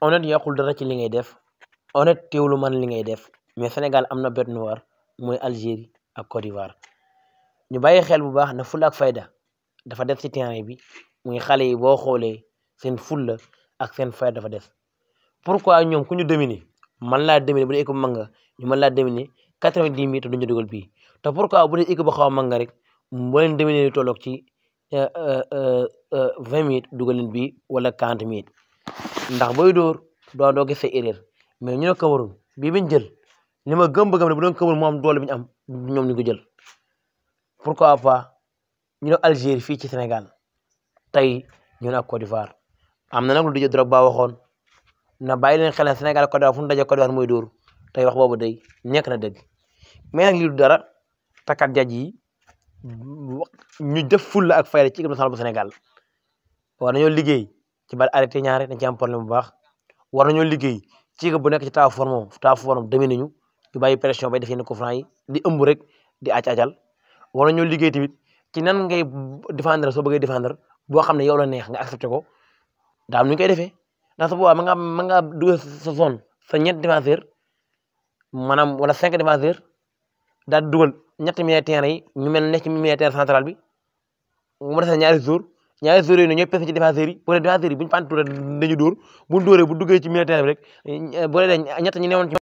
honnête yàqul dara ci li ngay def honnête teewlu man li ngay def mais Sénégal am na bête noire mooy Algérie ak Côte d'Ivoire ñu bàyyi xel bu baax na fulla ak fayda dafa des ci terrain bi muy xale yi boo xoolee seen fulla ak seen fayda dafa des pourquoi ñoom ku ñu dominer man laa dominer bu dee équipe mag nga ñu mën laa dominer quatre-vingt-dix minutes te duñu dugal bii te pourquoi bu dee équipe bu xaw a mag nga rek boo leen dominer lu tolloog ci euh, euh, euh, vingt minutes dugal bi wala quarante minutes ndax booy door doo doo gis sa erreur mais ñu ne Cameroun bii biñ jël li ma gëm ba gëm ne bu doon Cameroun moo am ñoom ñu ko jël pourquoi pas ñu ne fii ci senegal tey ñu ne ak Côte am na nag lu dijë Drogba waxoon na bàyyi leen xel Sénégal Côte d'Ivoire fu ñu daje Côte d'Ivoire mooy dóor tey wax boobu day nekk na dëgg mais nag lii du dara takkat jaj yi ñu def fulla ak fayda ci équipe nationale bu Sénégal war nañoo liggéey ci bal arrêté ñaare dañ ci am problème bu baax war nañoo liggéey ci bu nekk ci taa forme taa forme demee nañu ñu bàyyi pression bay def yenn coup franc yi di ëmb rek di àcc àccal war nañoo liggéey tamit ci nan ngay défendre soo bëggee défendre boo xam ne yow la neex nga accepté ko daa am nu ñu koy defee ndax su boobaa ma nga ma nga dugal sa zone sa ñetti défenseur maanaam wala cinq défenseur daal di dugal ñetti milieu terrain yi ñu mel ne ci milieu terrain central bi mu des ñaari jours ñaari joueurs yooyu ñooy pes ci défenseurs yi bu dee défenseurs bu ñu fànturee dañu dóor bu ñu bu duggee ci milieu terrain bi rek eh, bu dee ñett ñi newoon ci